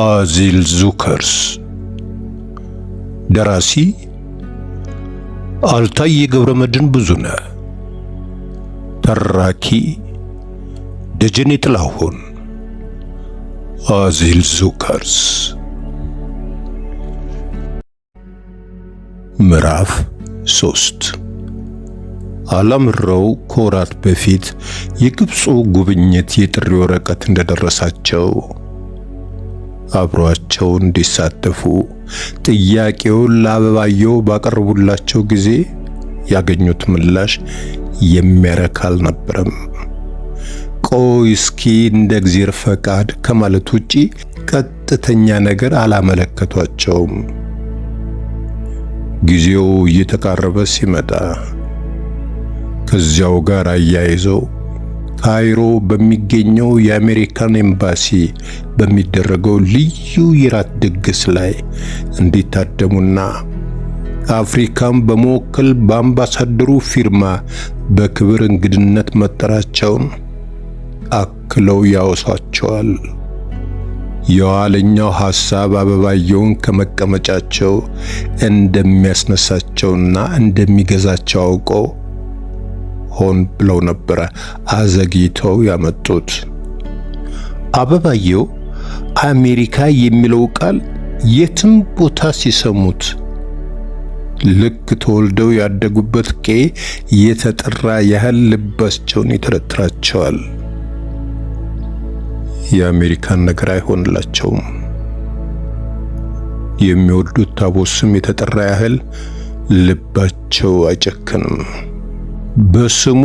አዚል ዙከርስ ደራሲ አልታይ የገብረመድህን ብዙነህ ተራኪ ደጀኔ ጥላሁን አዚል ዙከርስ ምዕራፍ ሶስት አላምረው ከወራት በፊት የግብፁ ጉብኝት የጥሪ ወረቀት እንደደረሳቸው አብሯቸው እንዲሳተፉ ጥያቄውን ለአበባየሁ ባቀርቡላቸው ጊዜ ያገኙት ምላሽ የሚያረካ አልነበረም። ቆይ እስኪ እንደ እግዜር ፈቃድ ከማለት ውጪ ቀጥተኛ ነገር አላመለከቷቸውም። ጊዜው እየተቃረበ ሲመጣ ከዚያው ጋር አያይዘው ካይሮ በሚገኘው የአሜሪካን ኤምባሲ በሚደረገው ልዩ የራት ድግስ ላይ እንዲታደሙና አፍሪካን በመወከል በአምባሳደሩ ፊርማ በክብር እንግድነት መጠራቸውን አክለው ያወሳቸዋል። የኋለኛው ሐሳብ አበባየውን ከመቀመጫቸው እንደሚያስነሳቸውና እንደሚገዛቸው አውቀው ሆን ብለው ነበረ አዘግይተው ያመጡት። አበባየው አሜሪካ የሚለው ቃል የትም ቦታ ሲሰሙት ልክ ተወልደው ያደጉበት ቄ የተጠራ ያህል ልባቸውን ይተረትራቸዋል። የአሜሪካን ነገር አይሆንላቸውም። የሚወዱት ታቦት ስም የተጠራ ያህል ልባቸው አይጨክንም። በስሙ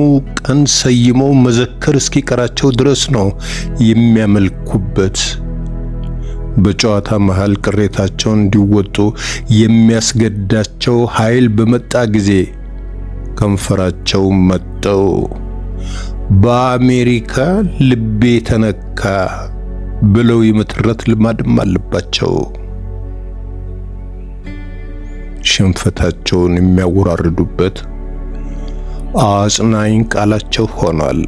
ቀን ሰይመው መዘከር እስኪቀራቸው ድረስ ነው የሚያመልኩበት በጨዋታ መሃል ቅሬታቸውን እንዲወጡ የሚያስገዳቸው ኃይል በመጣ ጊዜ ከንፈራቸው መጠው በአሜሪካ ልቤ ተነካ ብለው የመተረት ልማድም አለባቸው። ሽንፈታቸውን የሚያወራርዱበት አጽናኝ ቃላቸው ሆኗል።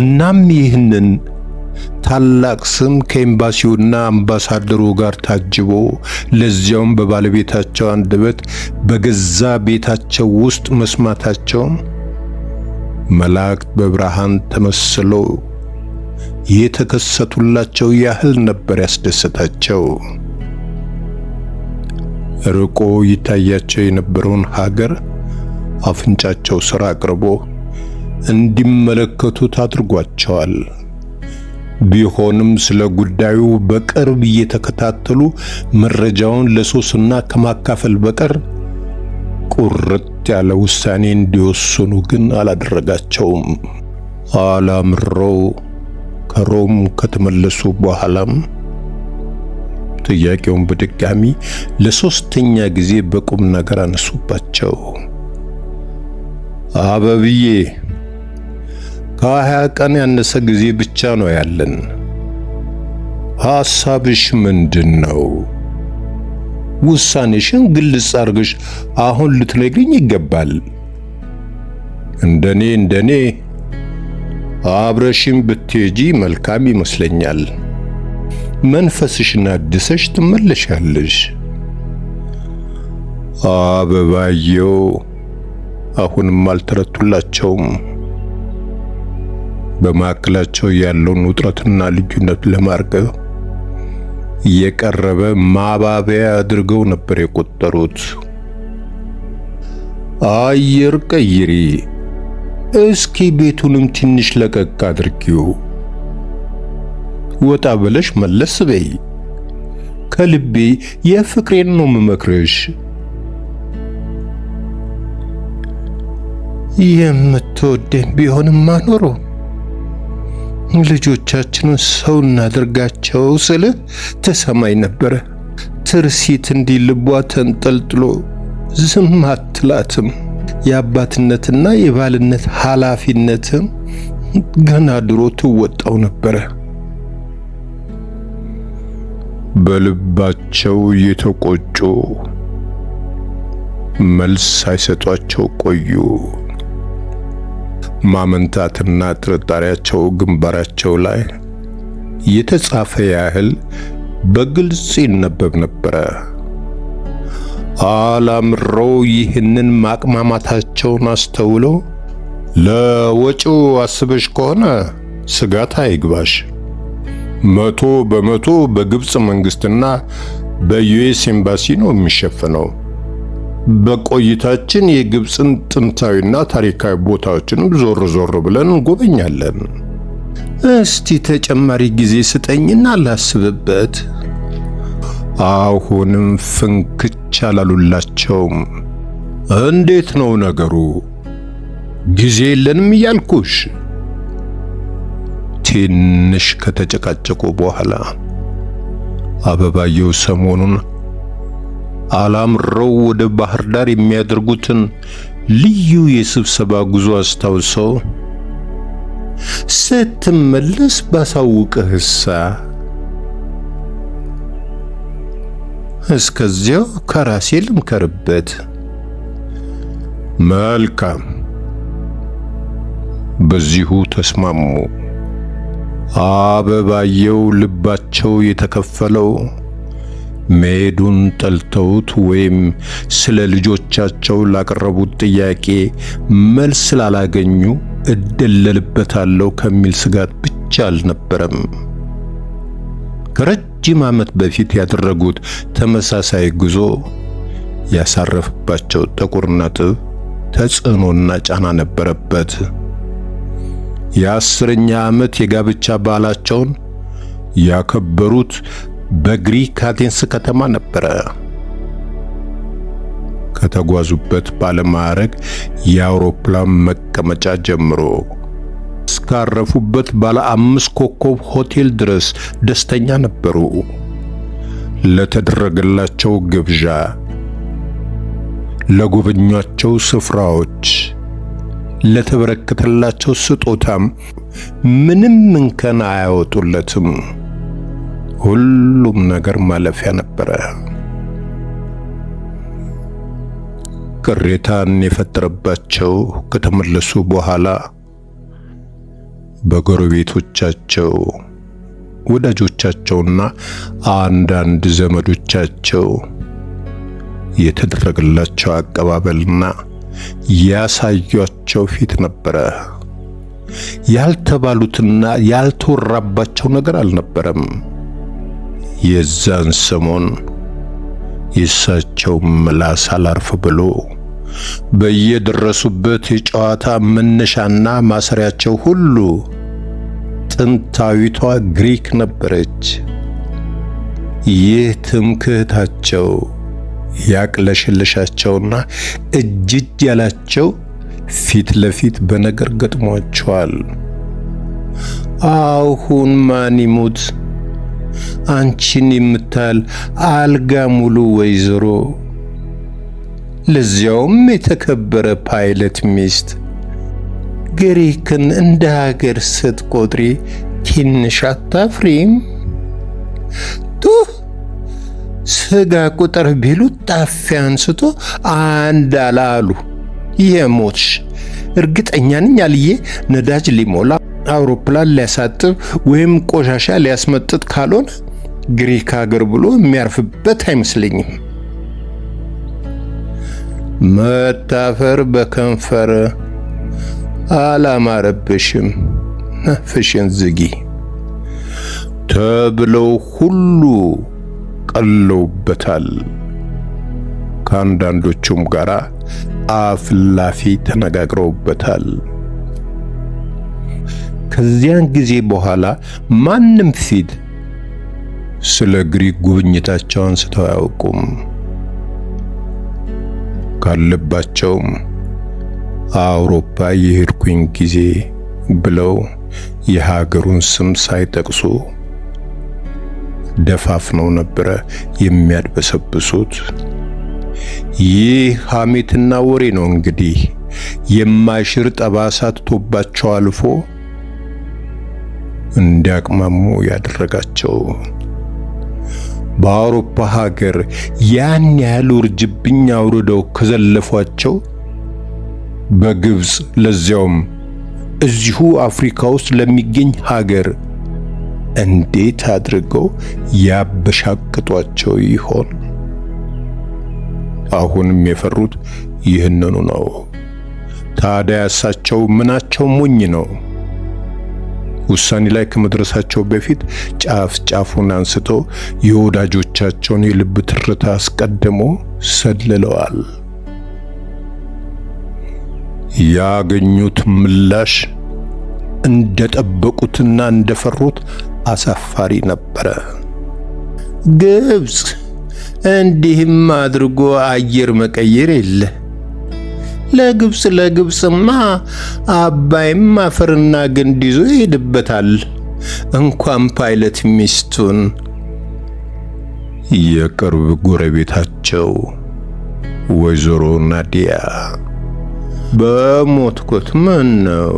እናም ይህንን በታላቅ ስም ከኤምባሲውና አምባሳደሩ ጋር ታጅቦ ለዚያውም በባለቤታቸው አንደበት በገዛ ቤታቸው ውስጥ መስማታቸው መላእክት በብርሃን ተመስለው የተከሰቱላቸው ያህል ነበር ያስደሰታቸው። ርቆ ይታያቸው የነበረውን ሀገር አፍንጫቸው ስራ አቅርቦ እንዲመለከቱት አድርጓቸዋል። ቢሆንም ስለ ጉዳዩ በቅርብ እየተከታተሉ መረጃውን ለሶስና ከማካፈል በቀር ቁርጥ ያለ ውሳኔ እንዲወስኑ ግን አላደረጋቸውም። አላምረው ከሮም ከተመለሱ በኋላም ጥያቄውን በድጋሚ ለሶስተኛ ጊዜ በቁም ነገር አነሱባቸው። አበብዬ ከሀያ ቀን ያነሰ ጊዜ ብቻ ነው ያለን። ሐሳብሽ ምንድን ነው? ውሳኔሽን ግልጽ አድርገሽ አሁን ልትነግሪኝ ይገባል። እንደኔ እንደኔ አብረሽም ብትሄጂ መልካም ይመስለኛል። መንፈስሽን አድሰሽ ትመለሻለሽ። አበባየው አሁንም አልተረቱላቸውም። በመካከላቸው ያለውን ውጥረትና ልዩነት ለማርገብ እየቀረበ ማባቢያ አድርገው ነበር የቆጠሩት። አየር ቀይሪ፣ እስኪ ቤቱንም ትንሽ ለቀቅ አድርጊው፣ ወጣ ብለሽ መለስ በይ፣ ከልቤ የፍቅሬን ነው የምመክርሽ። የምትወደኝ ቢሆንም አኖረው ልጆቻችንን ሰው እናደርጋቸው ስል ተሰማኝ ነበረ። ትርሲት እንዲህ ልቧ ተንጠልጥሎ ዝም አትላትም። የአባትነትና የባልነት ኃላፊነትም ገና ድሮ ትወጣው ነበረ። በልባቸው እየተቆጩ መልስ ሳይሰጧቸው ቆዩ። ማመንታትና ጥርጣሬያቸው ግንባራቸው ላይ የተጻፈ ያህል በግልጽ ይነበብ ነበረ። አላምረው ይህንን ማቅማማታቸውን አስተውሎ ለወጪው አስበሽ ከሆነ ስጋት አይግባሽ፣ መቶ በመቶ በግብፅ መንግስትና በዩኤስ ኤምባሲ ነው የሚሸፈነው በቆይታችን የግብፅን ጥንታዊና ታሪካዊ ቦታዎችንም ዞር ዞር ብለን እንጎበኛለን። እስቲ ተጨማሪ ጊዜ ስጠኝና ላስብበት። አሁንም ፍንክች አላሉላቸውም። እንዴት ነው ነገሩ? ጊዜ የለንም እያልኩሽ። ትንሽ ከተጨቃጨቁ በኋላ አበባየው ሰሞኑን አላምረው ወደ ባህር ዳር የሚያደርጉትን ልዩ የስብሰባ ጉዞ አስታውሰው ስትመለስ ባሳውቅህሳ። እስከዚያው ከራሴ ልምከርበት። መልካም። በዚሁ ተስማሙ። አበባየው ልባቸው የተከፈለው መሄዱን ጠልተውት ወይም ስለ ልጆቻቸው ላቀረቡት ጥያቄ መልስ ስላላገኙ እደለልበታለሁ ከሚል ስጋት ብቻ አልነበረም። ከረጅም ዓመት በፊት ያደረጉት ተመሳሳይ ጉዞ ያሳረፈባቸው ጥቁር ነጥብ ተጽዕኖና ጫና ነበረበት። የአስረኛ ዓመት የጋብቻ በዓላቸውን ያከበሩት በግሪክ አቴንስ ከተማ ነበረ። ከተጓዙበት ባለማዕረግ የአውሮፕላን መቀመጫ ጀምሮ እስካረፉበት ባለ አምስት ኮከብ ሆቴል ድረስ ደስተኛ ነበሩ። ለተደረገላቸው ግብዣ፣ ለጎበኟቸው ስፍራዎች፣ ለተበረከተላቸው ስጦታም ምንም እንከን አያወጡለትም። ሁሉም ነገር ማለፊያ ነበረ። ቅሬታን የፈጠረባቸው ከተመለሱ በኋላ በጎረቤቶቻቸው ወዳጆቻቸውና አንዳንድ ዘመዶቻቸው የተደረገላቸው አቀባበልና ያሳያቸው ፊት ነበረ። ያልተባሉትና ያልተወራባቸው ነገር አልነበረም። የዛን ሰሞን የእሳቸው ምላስ አላርፍ ብሎ በየደረሱበት የጨዋታ መነሻና ማሰሪያቸው ሁሉ ጥንታዊቷ ግሪክ ነበረች። ይህ ትምክህታቸው ያቅለሽልሻቸውና እጅጅ ያላቸው ፊት ለፊት በነገር ገጥሟቸዋል። አሁን ማን ይሙት አንቺን የምታል አልጋ ሙሉ ወይዘሮ፣ ለዚያውም የተከበረ ፓይለት ሚስት ግሪክን እንደ ሀገር ስትቆጥሪ ትንሽ አታፍሪም? ስጋ ቁጥር ቢሉ ጣፊ አንስቶ አንድ አላሉ የሞትሽ እርግጠኛ ነኝ አልዬ ነዳጅ ሊሞላ አውሮፕላን ሊያሳጥብ ወይም ቆሻሻ ሊያስመጥጥ ካልሆነ ግሪክ ሀገር ብሎ የሚያርፍበት አይመስለኝም። መታፈር በከንፈር አላማረብሽም፣ ነፍሽን ዝጊ ተብለው ሁሉ ቀለውበታል። ከአንዳንዶቹም ጋር አፍላፊ ተነጋግረውበታል። ከዚያን ጊዜ በኋላ ማንም ፊት ስለ ግሪክ ጉብኝታቸው አንስተው አያውቁም። ካለባቸውም አውሮፓ የሄድኩኝ ጊዜ ብለው የሀገሩን ስም ሳይጠቅሱ ደፋፍነው ነበረ የሚያድበሰብሱት። ይህ ሐሜትና ወሬ ነው እንግዲህ የማይሽር ጠባሳ ትቶባቸው አልፎ እንዲያቅማሙ ያደረጋቸው። በአውሮፓ ሀገር ያን ያህል ውርጅብኝ አውርደው ከዘለፏቸው በግብፅ ለዚያውም እዚሁ አፍሪካ ውስጥ ለሚገኝ ሀገር እንዴት አድርገው ያበሻቅጧቸው ይሆን? አሁንም የፈሩት ይህንኑ ነው። ታዲያ እሳቸው ምናቸው ሞኝ ነው? ውሳኔ ላይ ከመድረሳቸው በፊት ጫፍ ጫፉን አንስቶ የወዳጆቻቸውን የልብ ትርታ አስቀድሞ ሰልለዋል። ያገኙት ምላሽ እንደጠበቁትና እንደፈሩት አሳፋሪ ነበረ። ግብፅ እንዲህም አድርጎ አየር መቀየር የለ ለግብፅ ለግብፅማ አባይም አፈርና ግንድ ይዞ ይሄድበታል። እንኳን ፓይለት ሚስቱን የቅርብ ጎረቤታቸው ወይዘሮ ናዲያ በሞትኩት ምን ነው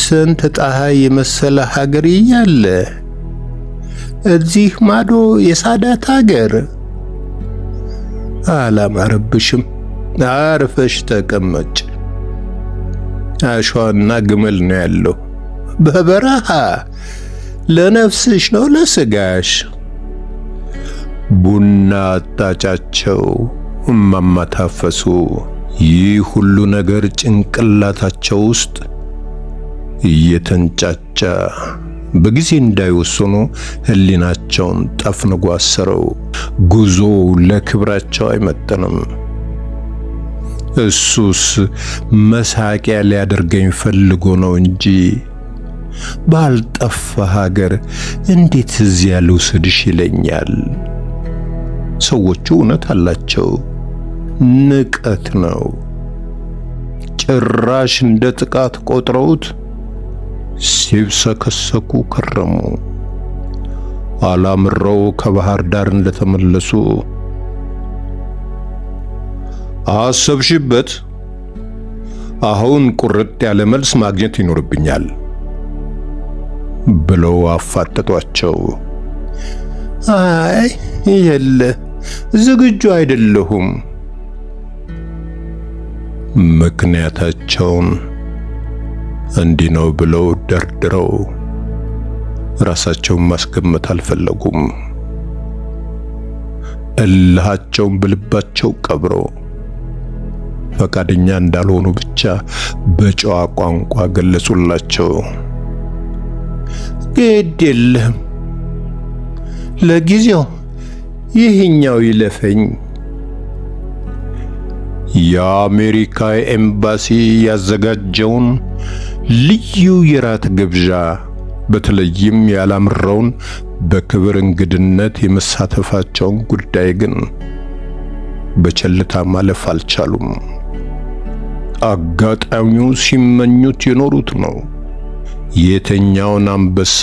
ስንት ፀሐይ የመሰለ ሀገር እያለ እዚህ ማዶ የሳዳት ሀገር አላማረብሽም? አርፈሽ ተቀመጭ። አሸዋና ግመል ነው ያለው በበረሃ ለነፍስሽ ነው ለስጋሽ። ቡና አጣጫቸው እማማ ታፈሱ። ይህ ሁሉ ነገር ጭንቅላታቸው ውስጥ እየተንጫጫ በጊዜ እንዳይወስኑ ህሊናቸውን ጠፍንጎ አሰረው። ጉዞ ለክብራቸው አይመጥንም። እሱስ መሳቂያ ሊያደርገኝ ፈልጎ ነው እንጂ ባልጠፋ ሀገር እንዴት እዚያ ልውሰድሽ ይለኛል። ሰዎቹ እውነት አላቸው። ንቀት ነው። ጭራሽ እንደ ጥቃት ቆጥረውት ሲብሰከሰኩ ከረሙ። አላምረው ከባህር ዳር እንደተመለሱ አሰብሽበት? አሁን ቁርጥ ያለ መልስ ማግኘት ይኖርብኛል ብለው አፋጠጧቸው። አይ የለ ዝግጁ አይደለሁም። ምክንያታቸውን እንዲህ ነው ብለው ደርድረው ራሳቸውን ማስገመት አልፈለጉም። እልሃቸውን በልባቸው ቀብረው ፈቃደኛ እንዳልሆኑ ብቻ በጨዋ ቋንቋ ገለጹላቸው። ግድ የለህም፣ ለጊዜው ይህኛው ይለፈኝ። የአሜሪካ ኤምባሲ ያዘጋጀውን ልዩ የራት ግብዣ በተለይም ያላምራውን በክብር እንግድነት የመሳተፋቸውን ጉዳይ ግን በቸልታ ማለፍ አልቻሉም። አጋጣሚው ሲመኙት የኖሩት ነው። የተኛውን አንበሳ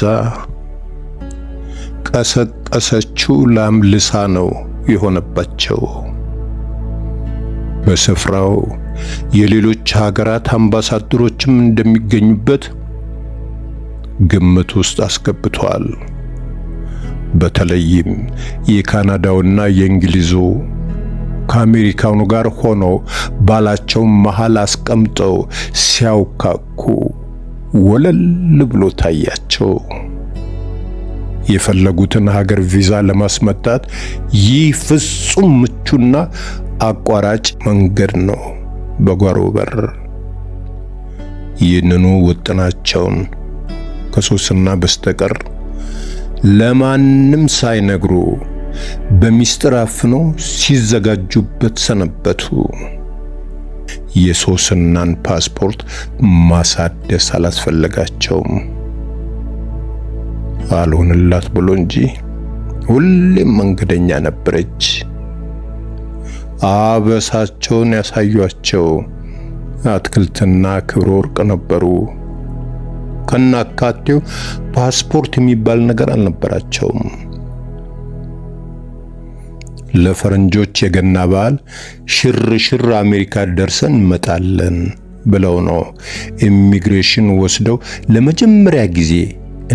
ቀሰቀሰችው ላም ልሳ ነው የሆነባቸው። በስፍራው የሌሎች ሀገራት አምባሳደሮችም እንደሚገኙበት ግምት ውስጥ አስገብቷል። በተለይም የካናዳውና የእንግሊዙ ከአሜሪካኑ ጋር ሆኖ ባላቸው መሃል አስቀምጠው ሲያውካኩ ወለል ብሎ ታያቸው። የፈለጉትን ሀገር ቪዛ ለማስመጣት ይህ ፍጹም ምቹና አቋራጭ መንገድ ነው። በጓሮ በር ይህንኑ ውጥናቸውን ከሶስና በስተቀር ለማንም ሳይነግሩ በሚስጥር አፍኖ ሲዘጋጁበት ሰነበቱ። የሶስናን ፓስፖርት ማሳደስ አላስፈለጋቸውም። አልሆንላት ብሎ እንጂ ሁሌም መንገደኛ ነበረች። አበሳቸውን ያሳዩአቸው አትክልትና ክብረ ወርቅ ነበሩ። ከናካቴው ፓስፖርት የሚባል ነገር አልነበራቸውም። ለፈረንጆች የገና በዓል ሽር ሽር አሜሪካ ደርሰን እንመጣለን ብለው ነው ኢሚግሬሽን ወስደው ለመጀመሪያ ጊዜ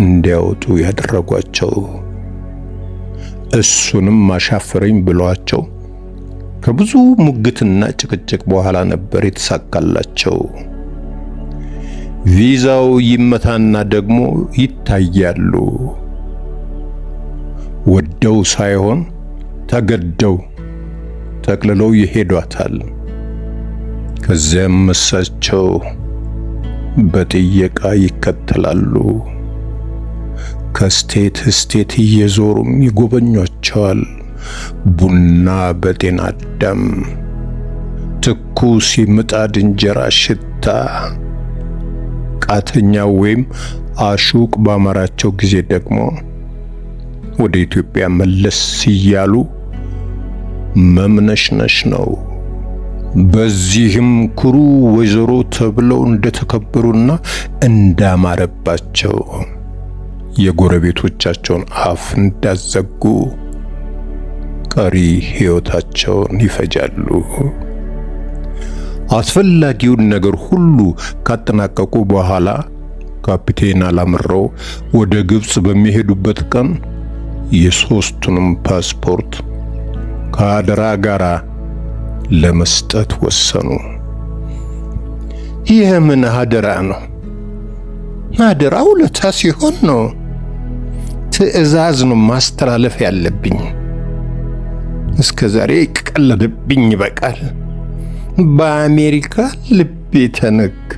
እንዲያወጡ ያደረጓቸው። እሱንም ማሻፈረኝ ብለዋቸው ከብዙ ሙግትና ጭቅጭቅ በኋላ ነበር የተሳካላቸው። ቪዛው ይመታና ደግሞ ይታያሉ። ወደው ሳይሆን ተገደው ተቅልለው ይሄዷታል። ከዚያም እሳቸው በጥየቃ ይከተላሉ። ከስቴት ስቴት እየዞሩም ይጎበኟቸዋል። ቡና በጤና አዳም፣ ትኩስ የምጣድ እንጀራ ሽታ፣ ቃተኛ ወይም አሹቅ ባማራቸው ጊዜ ደግሞ ወደ ኢትዮጵያ መለስ እያሉ መምነሽነሽ ነው። በዚህም ኩሩ ወይዘሮ ተብለው እንደተከበሩና እንዳማረባቸው የጎረቤቶቻቸውን አፍ እንዳዘጉ ቀሪ ሕይወታቸውን ይፈጃሉ። አስፈላጊውን ነገር ሁሉ ካጠናቀቁ በኋላ ካፒቴን አላምረው ወደ ግብፅ በሚሄዱበት ቀን የሦስቱንም ፓስፖርት ከአደራ ጋር ለመስጠት ወሰኑ። ይህ ምን አደራ ነው? አደራ ውለታ ሲሆን ነው። ትዕዛዝ ነው ማስተላለፍ ያለብኝ። እስከ ዛሬ ቀለደብኝ ይበቃል። በአሜሪካ ልቤ ተነካ።